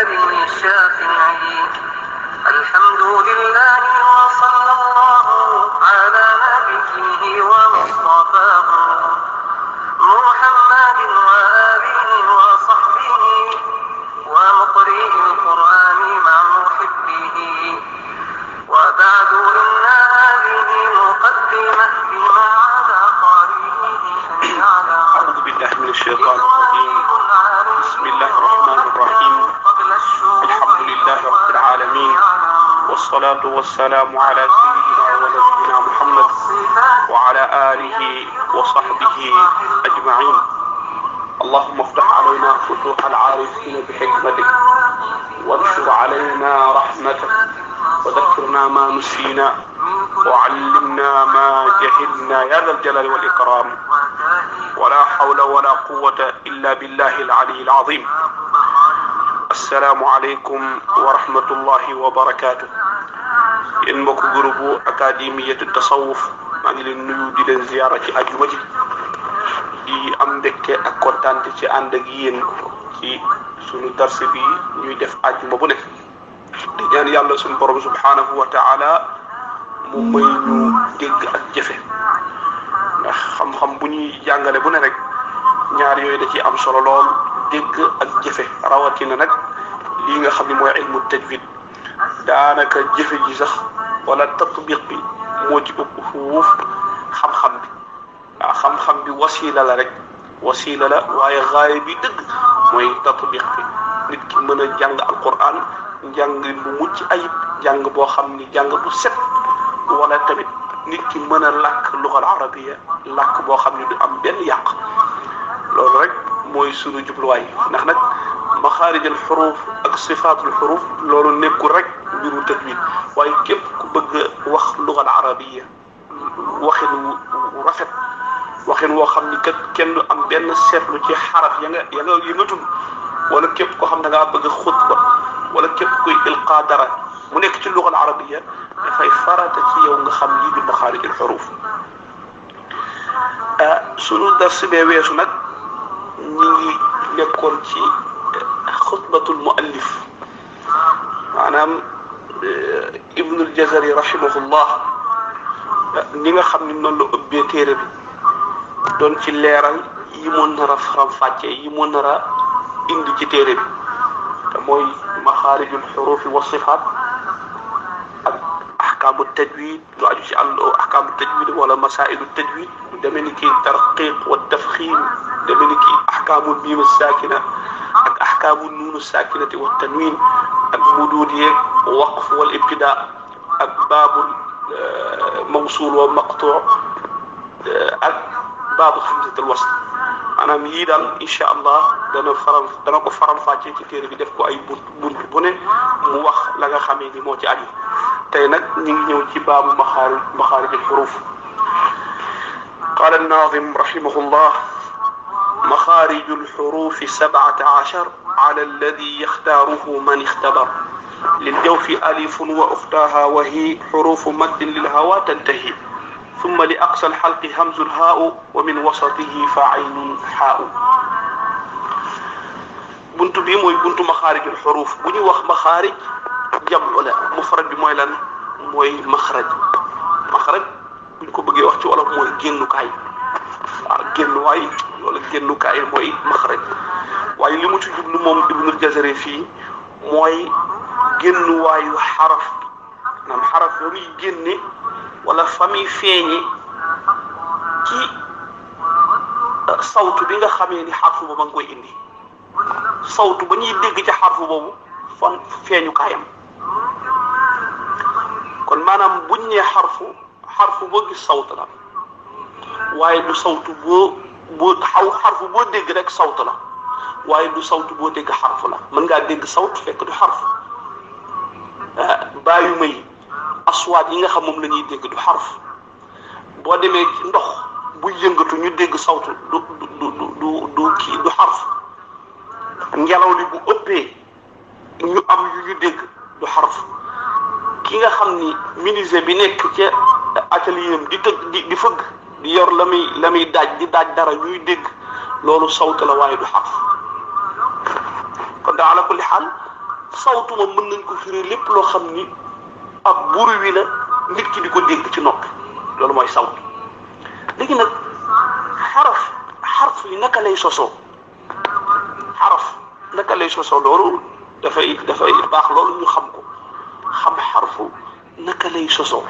التواب الشافعي الحمد لله والصلاة والسلام على سيدنا ونبينا محمد وعلى آله وصحبه أجمعين اللهم افتح علينا فتوح العارفين بحكمتك وانشر علينا رحمتك وذكرنا ما نسينا وعلمنا ما جهلنا يا ذا الجلال والإكرام ولا حول ولا قوة إلا بالله العلي العظيم السلام عليكم ورحمة الله وبركاته yéen mbokk groupe académiyatu tasawuf maa ngi leen nuyu di leen ziyaara ci ajuma ji di am mbégte ak kontaante ci ànd ak yéen ci sunu darse bi ñuy def ajuma bu ne di ñaan yàlla sunu borom subhanahu wa taala mu may ñu dégg ak jëfe ndax xam-xam bu ñuy jàngale bu ne rek ñaar yooyu da ci am solo lool dégg ak jëfe rawatina nag lii nga xam ne mooy ilmu tajwid daanaka jëfe ji sax wala tatbiq bi moo ci ëpp fuuf xam-xam bi waaw xam-xam bi wasila la rek wasila la waaye xaaye bi dëgg mooy tatbiq bi nit ki mën a jàng alquran jàng bu mucc ayib jàng boo xam ni jàng bu set wala tamit nit ki mën a làkk luxal arabiya làkk boo xam ni du am benn yàq loolu rek mooy sunu jubluwaay ndax nag maxaarij al xuruf ak sifaatul xuruf loolu nekku rek mbiru tajwid waaye képp ku bëgg wax lugal arabiya waxin wu rafet waxin woo xam ni kat kenn du am benn seetlu ci xaraf ya nga ya nga ya nga tudd wala képp koo xam da ngaa bëgg xutba wala képp kuy ilqaa dara mu nekk ci lugal arabiya dafay farata ci yow nga xam lii di maxaarijul xuruf sunu dars bee weesu nag ñi ngi nekkoon ci xutbatul muallif maanaam ابن الجزري رحمه الله نيغا خامني نون لا اوبي تيري بي دون سي ليرال يمون نرا فرام فاتي يمون نرا اندي سي تيري بي موي مخارج الحروف والصفات احكام التجويد واجي سي اندو احكام التجويد ولا مسائل التجويد دمني كي الترقيق والتفخيم دمني كي احكام الميم الساكنه احكام النون الساكنه والتنوين الحدودية وقف والابتداء باب آه، موصول ومقطوع آه، باب خمسة الوصل أنا ميدا إن شاء الله دنا فرن دنا كفرن فاتي كتير بيدف كو أي بون بون بون موخ لغا خامي موتي علي تينك نيو نيو تي باب مخارج الحروف قال الناظم رحمه الله مخارج الحروف سبعة عشر على الذي يختاره من اختبر للجوف أليف وأختاها وهي حروف مد للهوى تنتهي ثم لأقصى الحلق همز الهاء ومن وسطه فعين حاء بنت بيمو بنت مخارج الحروف بني وخ مخارج جمع ولا مفرد بموي لن موي مخرج مخرج بنكو بغي وقت ولا موي جنو كاي آه، جنو واي ولا جنو كاي موي مخرج waaye li mu ci jublu moom ibnul jazari fii mooy génnuwaayu xaraf bi maanaam xaraf ba muy génne wala fa muy feeñe ci sawtu bi nga xamee ni xarfu ba ma koy indi sawtu ba ñuy dégg ci xarfu boobu fan feeñu kaayam kon maanaam buñ nee xarfu xarfu boo gis sawtu la waaye du sawtu boo boo xaw xarfu boo dégg rek sawtu la waaye du sawtu boo dégg xarfu la mën ngaa dégg sawt fekk du xarf eh, bàyyu may aswaat yi nga xam moom la ñuy dégg du xarf boo demee ci ndox bu yëngatu ñu dégg sawtu du du du du kii du xarf ngelaw li bu ëppee ñu am yu ñu dégg du xarf ki nga xam ni miniser bi nekk ci atelier am di di fëgg di yor la muy la muy daaj di daaj dara ñuy dégg loolu sawt la waaye du xarf da ala kulli xaal sawtu moom mën nañ ko firi lépp loo xam ni ab buru wi la nit ki di ko dégg ci noppi loolu mooy sawtu léegi nag xaraf xarf yi naka lay sosoo xaraf naka lay sosoo loolu dafay dafay baax loolu ñu xam ko xam xarfu naka lay sosoo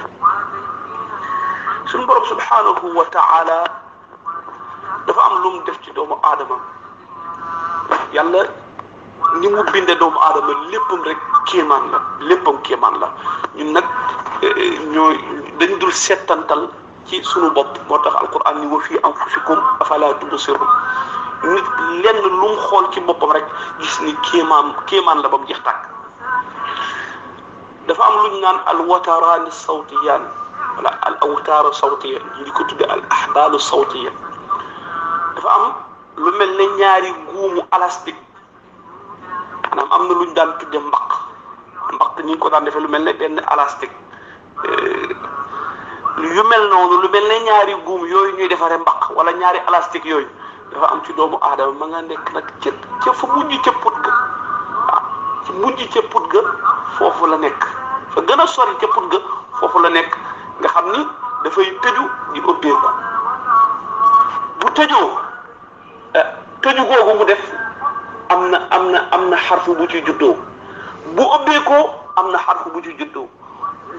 suñu borom subhanahu wa taala dafa am lu mu def ci doomu aadama yàlla ni mu binde doom aadama leppum rek kéman la leppum kéman la ñun nak ñoo dañ dul sétantal ci sunu bop moo tax alquran ni wa fii anfusikum afala tubsiru nit lenn lu mu xol ci bopam rek gis ni kéman kéman la bam mu jeex tàkk dafa am luñ naan al wataraani sawtiyan wala al awtaaru sawtiyan ñu di ko tudde al ahbaalu sawtiyan dafa am lu melni ñaari goomu alastik maanaam am na lu ñu daan tudde mbaq mbaq ñu ngi ko daan defee lu mel ne benn élastique euh, yu mel noonu lu mel ne ñaari guum yooyu ñuy defaree mbaq wala ñaari alastic yooyu dafa am ci doomu aadama ma nga nekk nag ca ca fa ah, mujj ca put ga foofu la nekk fa gën a sori ca put foofu la nekk nga xam ni dafay tëju di ëppeeku bu tëjoo euh, tëju googu mu def am na am na am na xarfu bu ci juddoo bu ëbbeekoo am na xarfu bu ci juddoo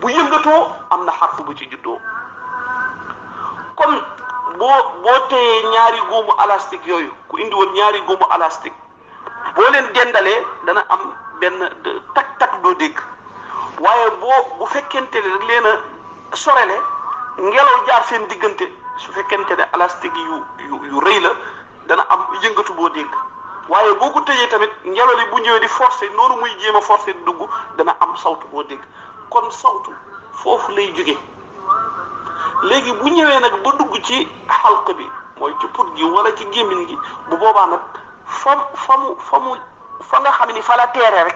bu yëngatoo am na xarfu bu ci juddoo kon boo boo ñaari góomu élastique yooyu ku indi ñaari góomu élastique boo leen dendalee dana am benn tak tak doo dégg waaye boo bu fekkente ne rek leen a sorele ngelaw jaar seen diggante su fekkente ne élastique yu yu yu rëy la dana am yëngatu boo dégg waaye boo ko tëjee tamit ngelaw li bu ñëwee di forcer noonu muy jéema a forcer di dugg dana am sawtu boo dégg kon sawtu foofu lay jóge léegi bu ñëwee nag bu dugg ci xalq bi mooy ci put gi wala ci gémmiñ gi bu boobaa nag fa fa mu fa mu fa nga xam ni fa la rek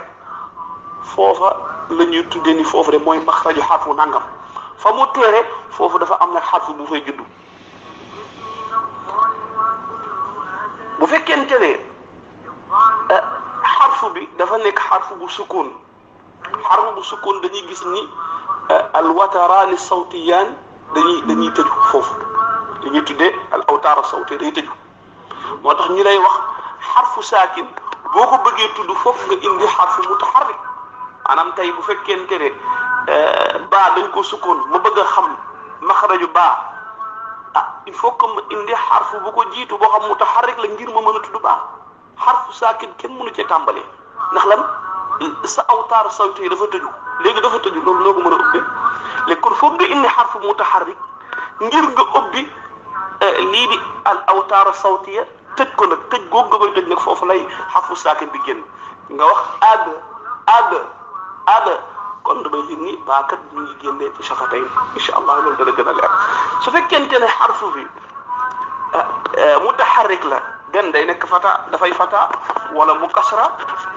foofa la ñuy tuddee foofu rek mooy maxraju xarfu nangam fa mu teere foofu dafa am nag xarfu bu fay juddu bu fekkente ne. nekk xarfu bu sukun xarfu bu dañuy gis ni eh, alwataraani sawtiyaan dañuy dañuy tëju foofu dañuy tuddee al awtaara sawti dañuy tëju moo tax ñu lay wax xarfu saakin boo ko bëggee tudd foofu nga indi xarfu mutaxarrik maanaam tey bu fekkente ne eh, baa dañ ko sukkoon ma bëgg a xam maxaraju baa ah il faut que indi xarfu bu ko jiitu boo xam mutaxarrik la ngir ma mën a tudd baa xarfu saakin kenn mënu cee tàmbalee. ndax lan sa awtaaru sawti yi dafa tëju léegi dafa tëju loolu loo ko mën a ubbi léegi kon foog nga indi xarfu mutaharrik ngir nga ubbi eh, lii di al awtaaru sawtiya tëj ko nag tëj googu nga koy foofu lay xarfu saakin bi génn nga wax aad aad aad kon damay yëg ni baakat ñu ngi génnee ci shafatay incha allah loolu dana gën a leer su fekkente ne xarfu bi mu eh, eh, mutaharrik la. benn day nekk fata dafay fata walla mu kasra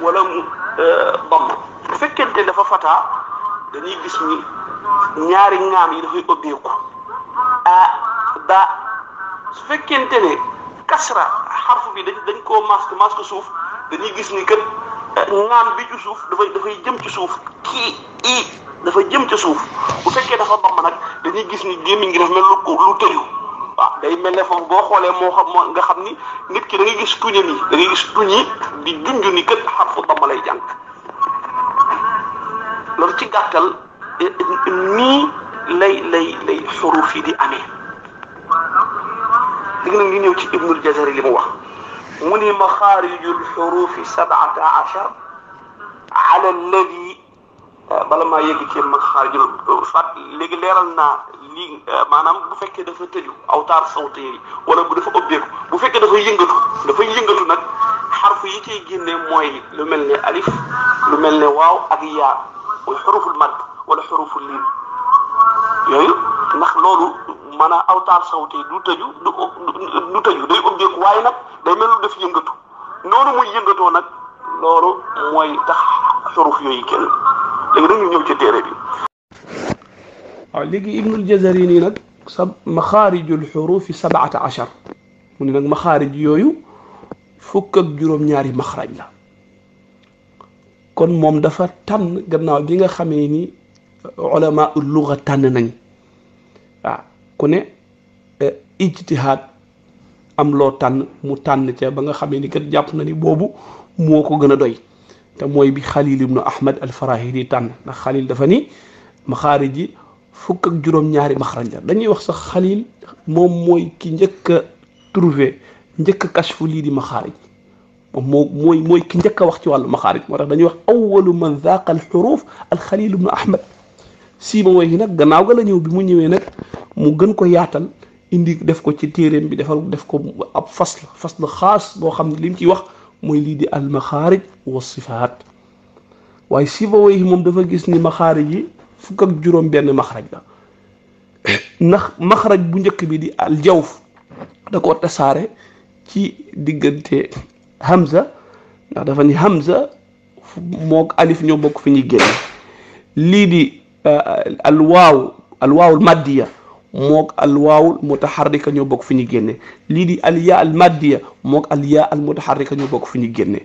walla mu damm euh, bu fekkente ne dafa fata dañuy gis ni ñaari ñaam yi dafay ëbbeeku a ba su fekkente ne kasra xarfu bi dañ dañ koo masque masque suuf dañuy gis ni kat euh, ñaam bi ci suuf dafay dafay jëm ci suuf kii i dafa jëm ci suuf bu fekkee dafa damm nag dañuy gis ni gémmiñ gi dafa mel lu ko lu tëju waaw ah, day mel ne foofu boo xoolee moo xam moo nga xam ni nit ki da ngay gis tuñam yi da ngay gis tuñ yi di junj ni kët xarfu dama lay jàng loolu ci gàttal eh, eh, nii lay lay lay xuruf yi di amee léegi nag ñu ñëw ci Ibnul Jazari li mu wax mu ni maxaarijul xurufi sabata achar ala alladi bala maa yegg ci mag xaarjul fat léegi leeral na lii euh, maanaam bu fekkee dafa tëju awtaar sawte yi wala bu dafa ubbeeku bu fekkee dafa yëngatu dafa yëngatu nag xarfu génne mooy lu mel ne alif lu mel ne waaw ak yaa wala wala xuruful liin loolu maanaam awtaar sawte yi du tëju du du tëju day ubbeeku waaye nag day mel lu def yëngatu noonu muy yëngatoo nag loolu mooy tax xuruf yooyu kenn. léegi dañuy ñëw ci téere bi. waaw léegi Ibnul Jazari nii nag sa maxaarijul xurufi sabaata achar mu ne nag maxaarij yooyu fukk ak juróom-ñaari maxraj la kon moom dafa tànn gannaaw gi nga xamee ni ulama ul tànn nañ waaw ku ne eh, ijtihaad am loo tànn mu tànn ca ba nga xamee ni kat jàpp na ni boobu moo ko gën a doy. te mooy bi xalil ibnu ahmad alfarahidi tànn ndax xalil dafa ni maxaarij yi fukk ak juróom-ñaari maxraj dañuy wax sax xalil moom mooy ki njëkk a njëkk a kashfu lii di maxaarij moom moo mooy mooy ki njëkk wax ci wàllu maxaarij moo tax dañuy wax awalu man zaqa al xuruf al xalil ibnu ahmad siima woy nag gannaaw ga la ñëw bi mu ñëwee nag mu gën ko yaatal indi def ko ci téeréem bi defar def ko ab fas la xaas boo xam ne li ciy wax mooy lii di al maxaarij wa sifaat waaye sifa way moom dafa gis ni maxaarij yi fukk ak juróom benn maxraj la ndax maxraj bu njëkk bi di al jawf da ko tasaare ci diggante hamza ndax dafa ni hamza moog alif ñoo bokk fi ñuy génn lii di euh, al waaw al waawul maddiya mook alwaawul a ñoo bokk fi ñu génne lii di alyaa al maddiya mook alyaa al mutaharrika ñoo bokk fi ñu génne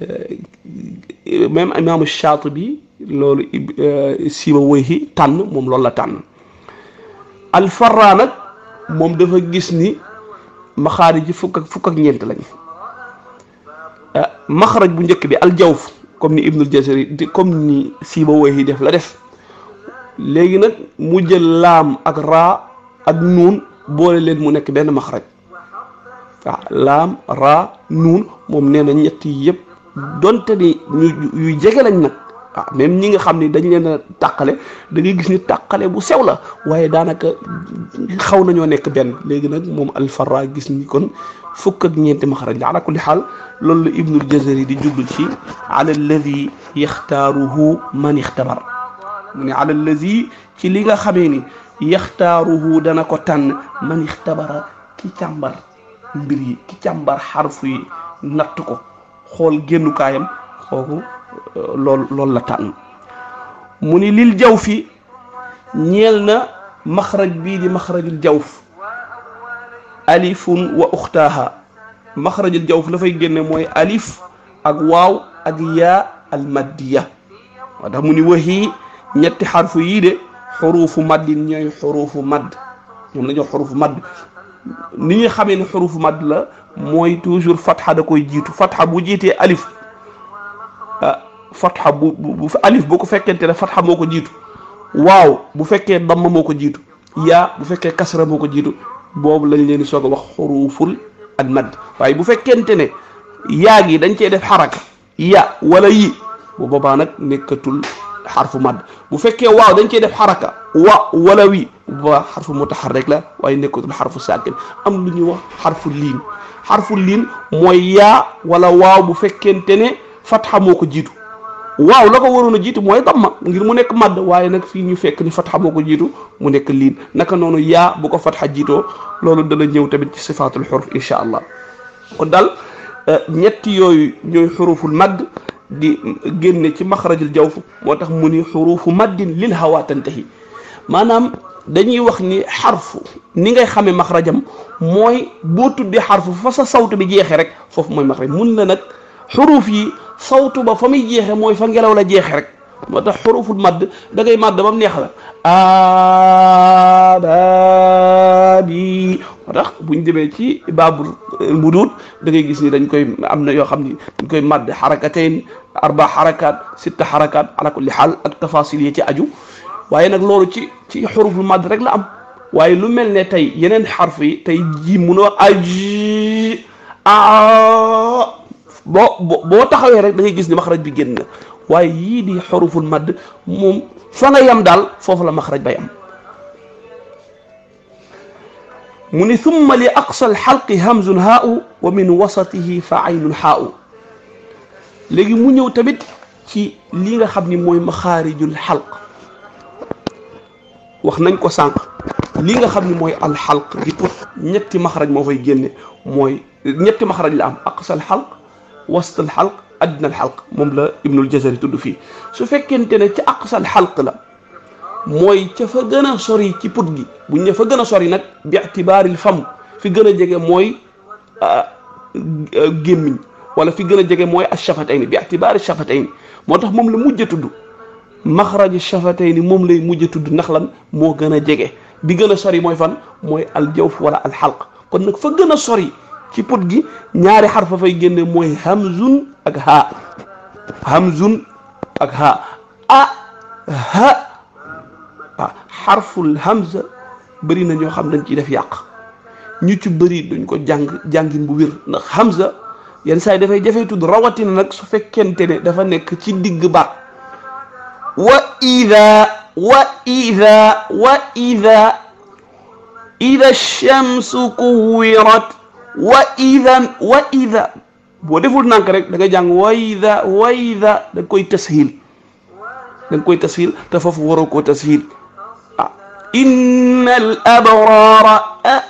euh, même imaamu bi loolu euh, siiba wéyhi tànn moom loolu la tànn alfarra nag moom dafa gis ni maxaarij ji fukk ak fukk ak ñeent lañ euh, maxaraj bu njëkk bi aljawf comme ni Ibnul Jazari comme ni siiba wéyhi def la def léegi nag mu jël laam ak raa ak nuun boole leen mu nekk benn maxraj waaw laam raa nuun moom nee na ñett yi yëpp donte ni ñu yu jege lañ nag waaw même ñi nga xam ni dañ leen a tàqale da ngay gis ni tàqale bu sew la waaye daanaka xaw nañoo nekk benn léegi nag moom alfarra gis ni kon fukk ak ñeenti maxraj la ala kulli xaal loolu la ibnul jazari di jublu ci ala alladi yaxtaaruhu man ixtabar mu ne ala lazi ci li nga xamee ni yaxtaaruhu dana ko tànn man ki càmbar mbir xarfu natt ko xool génnukaayam kooku euh, loolu la tànn mu ni lil jaw fi ñeel na maxraj bii di maxrajul jaw alifun wa uxtaaha maxrajul jawf la fay génne mooy alif ak waaw ak yaa almaddiya waa tax mu ni waxii ñetti xarfu yii de xuruufu maddin ñooy xuruufu madd ñoom la ñoo xuruufu madd ni ñuy xamee ni xuruufu madd la mooy toujours fatxa da koy jiitu fatxa bu jiitee alif ah fatxa bu bu alif boo ko fekkente ne fatxa moo ko jiitu waaw bu fekkee damm moo ko jiitu yaa bu fekkee kasra moo ko jiitu boobu lañ leen di soog a wax xuruuful ak madd waaye bu fekkente ne yaa gi dañ cee def xaraka ya wala yi bu boobaa nag nekkatul حرف مد بو فكي واو دنجي ديف حركة و ولوي با حرف متحرك لا واي نيكوت حرف ساكن ام لو ني حرف لين حرف لين موي يا ولا واو بو فكنتني فتحة موكو جيتو واو لاكو ورونا جيتو موي ضمة غير مو نيك مد واي نك في ني فك ني فتحة موكو جيتو مو نيك لين نكا نونو يا بوكو فتحة جيتو لولو دا لا نييو تامت سي صفات الحرف ان شاء الله كون دال آه، نيت يوي نيو حروف المد di génne ci maxrajul jawf moo tax mu ni xuruufu maddin lil hawa tantahi maanaam dañuy wax ni xarfu ni ngay xamee maxrajam mooy boo tuddee xarfu fa sa sawtu bi jeexee rek foofu mooy maxraj mun na nag xuruuf yi sawtu ba fa muy jeexe mooy fa ngelaw la jeexe rek moo tax xuruuful madd da ngay madd ba mu neex la a kitaabi moo tax buñ demee ci babul euh, mbuduut da ngay gis ni dañ koy am na yoo xam ni dañ koy màdd xarakatain arba xarakat sitta xarakat ala kulli xaal ak tafasil ci aju waaye nag loolu ci ci xuruful màdd rek la am waaye lu mel ne tey yeneen xarf yi tey ji mënoo wax aji a boo boo taxawee rek da ngay gis ni maxraj bi génn waaye yii di xuruful madd moom fa nga daal foofu la maxraj bay am mu ni summa li aqsa alxalqi hamzun haau wa min wasatihi fa aynun haau léegi mu ñëw tamit ci li nga xam ni mooy maxaarijul xalq wax nañ ko sànq li nga xam ni mooy alxalq gi tux ñetti maxraj moo fay génne mooy ñetti maxraj la am aqsa alxalq wasta alxalq adna alxalq moom la ibnul jazari tudd fii su fekkente ne ci aqsa alxalq la mooy ca fa gën a sori ci put gi buñ ne fa gën a sori nag bi itibaaril fam fi gën a jege mooy gémmiñ wala fi gën a jege mooy achafatayni bi itibaari chafatayni moo tax moom la mujj a tudd maxraji chafatayni moom lay mujj tudd ndax lan moo gën a jege bi gën a sori mooy fan mooy aljawf wala alxalq kon nag fa gën a sori ci put gi ñaari xar fa fay génne mooy hamzun ak ha hamzun ak waaw xarful hamza bëri na ñoo xam dañ ciy def yàq ñu ci bëri duñ ko jàng jàngin bu wir ndax hamza yenn saa yi dafay jafe tudd rawatina nag su fekkente ne dafa nekk ci digg baat wa ida wa ida wa ida ida shamsu kuwirat wa idan wa boo deful nànk rek da jàng wa wa ida koy tashil da koy tashil te foofu waroo koo tashil innal abraara ah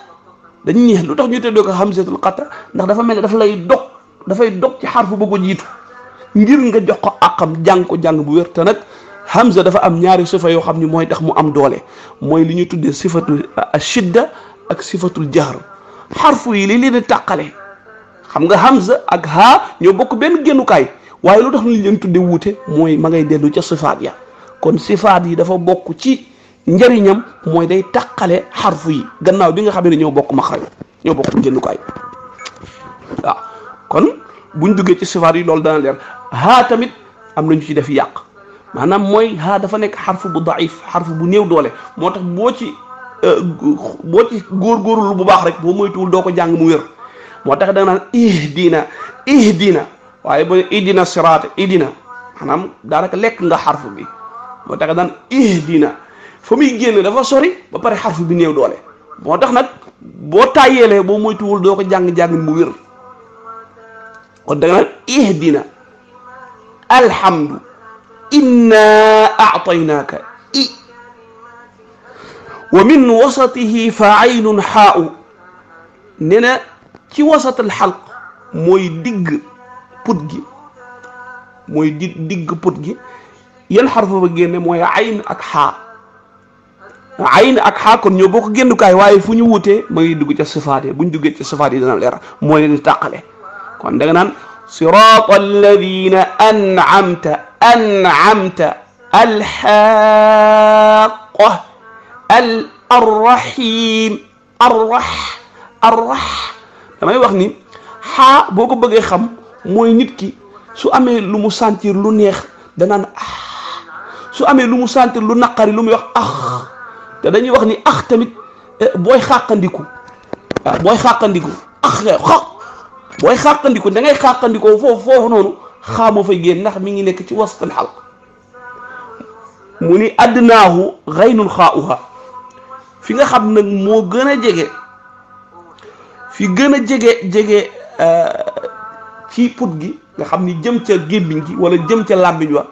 dañ ñeex lu tax ñu tëddoo ko hamzatul qata ndax dafa mel ne dafa lay dog dafay dog ci xarfu ba ko jiitu ngir nga jox ko àqam jàng ko bu wér te nag hamza dafa am ñaari sifa yoo xam ni mooy tax mu am doole mooy li ñu tuddee sifatul ah, shidda ak sifatul jahr xarfu yi li leen di tàqale xam nga hamza ak ha ñoo bokk benn génnukaay waaye lu tax ñu leen tuddee wuute mooy ma ngay dellu ca sifaat ya kon sifaat yi dafa bokk ci njëriñam mooy day taqale xarfu yi gannaaw bi nga na ne ñoo bokk maxraj ñoo bokk génnukaay waaw kon buñ duggee ci sifaar yi loolu dana leer haa tamit am na ñu ci def yàq maanaam mooy dafa nekk xarfu bu daif bu néew doole moo tax boo ci euh, boo ci bu baax rek boo moytuwul doo ko jàng mu wér moo tax da nga naan ihdina ihdina waaye boo ihdina siraat ihdina maanaam daanaka lekk nga xarfu bi moo tax daan ihdina fa muy génn dafa sori ba pare xarfu bi néew doole moo tax nag boo tàyyeelee boo moytuwul doo ko jàng-jàngin bu wér kon da nga naan ihdina alhamdu inna aataynaaka i wa min wasatihi fa aynun xaa'u nee ci wasatal xalq mooy digg put gi mooy di digg put gi yan xarfa ba génne mooy ayn ak xaa ayn ak xaa kon ñoo bokk génnukaay waaye fu ñu wutee ma ngi dugg ca sifaat yi bu ñu duggee ca sifaat yi dana leer moo leen di tàqale kon da nga naan siraat alladina an'amta an'amta alxaqa al arrahim arrah arrah damay wax ni xaa boo ko bëggee xam mooy nit ki su amee lu mu sentir lu neex danaan ah su amee lu mu sentir lu naqari lu muy wax ah te dañuy wax ni ax tamit eh, booy xàqandiku waaw booy xàqandiku ax xaq booy xàqandiku da xàqandikoo foofu foofu noonu xaamoo fa génn ndax mi ngi nekk ci wastal xalq mu ni addnaahu xaynul xaauha fi nga xam nag moo gën a jege fi gën a jege jege eh, ci put gi nga xam ni jëm ca gémmiñ gi wala jëm ca làmmiñ wa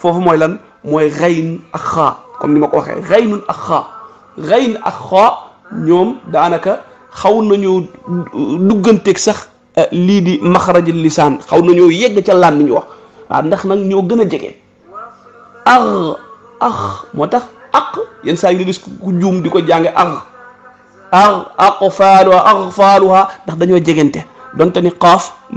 foofu mooy lan mooy xayn ak xaa comme ni ma ko waxee xaynun ak xaa xayn ak xaa ñoom daanaka xaw nañu dugganteeg sax eh, lii di maxaraji lisaan xaw na ñoo yegg ca laan ni ñu wax waaw ndax nag ñoo gën a jege ar ar moo tax ak yenn saa yi nga gis ku juum di ko jànge ar ar dañoo jegente donte ni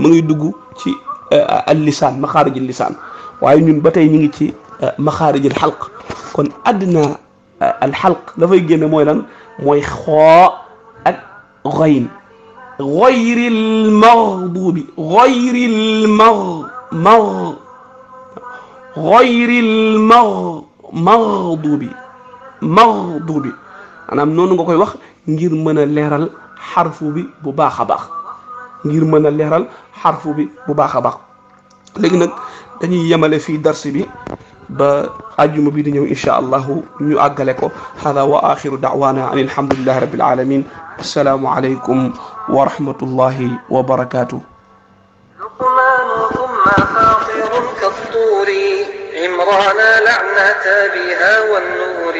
mu ngi dugg ci eh, al lisaan maxaraji lisaan waaye ñun ba tey ñu ngi ci مخارج الحلق كون ادنى آه، الحلق لا فاي ген موي لان موي خو اك غين غير المغضوب غير المغ مغ غير المغ مغضوب مغضوب انا نونو غاكاي واخ غير مانا ليرال حرف بي بو باخا باخ غير مانا ليرال حرف بي بو باخا باخ لغي نك داني يمالي في درس بي ba aljuma bi di ñëw insha allah ñu agalé ko hada wa akhiru da'wana an alhamdulilahi rabil alamin assalamu alaykum wa rahmatullahi wa barakatuh عمران لعنة بها والنور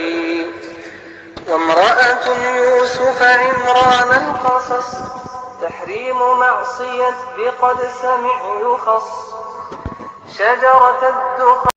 وامرأة يوسف عمران القصص تحريم معصية بقد سمع يخص شجرة الدخان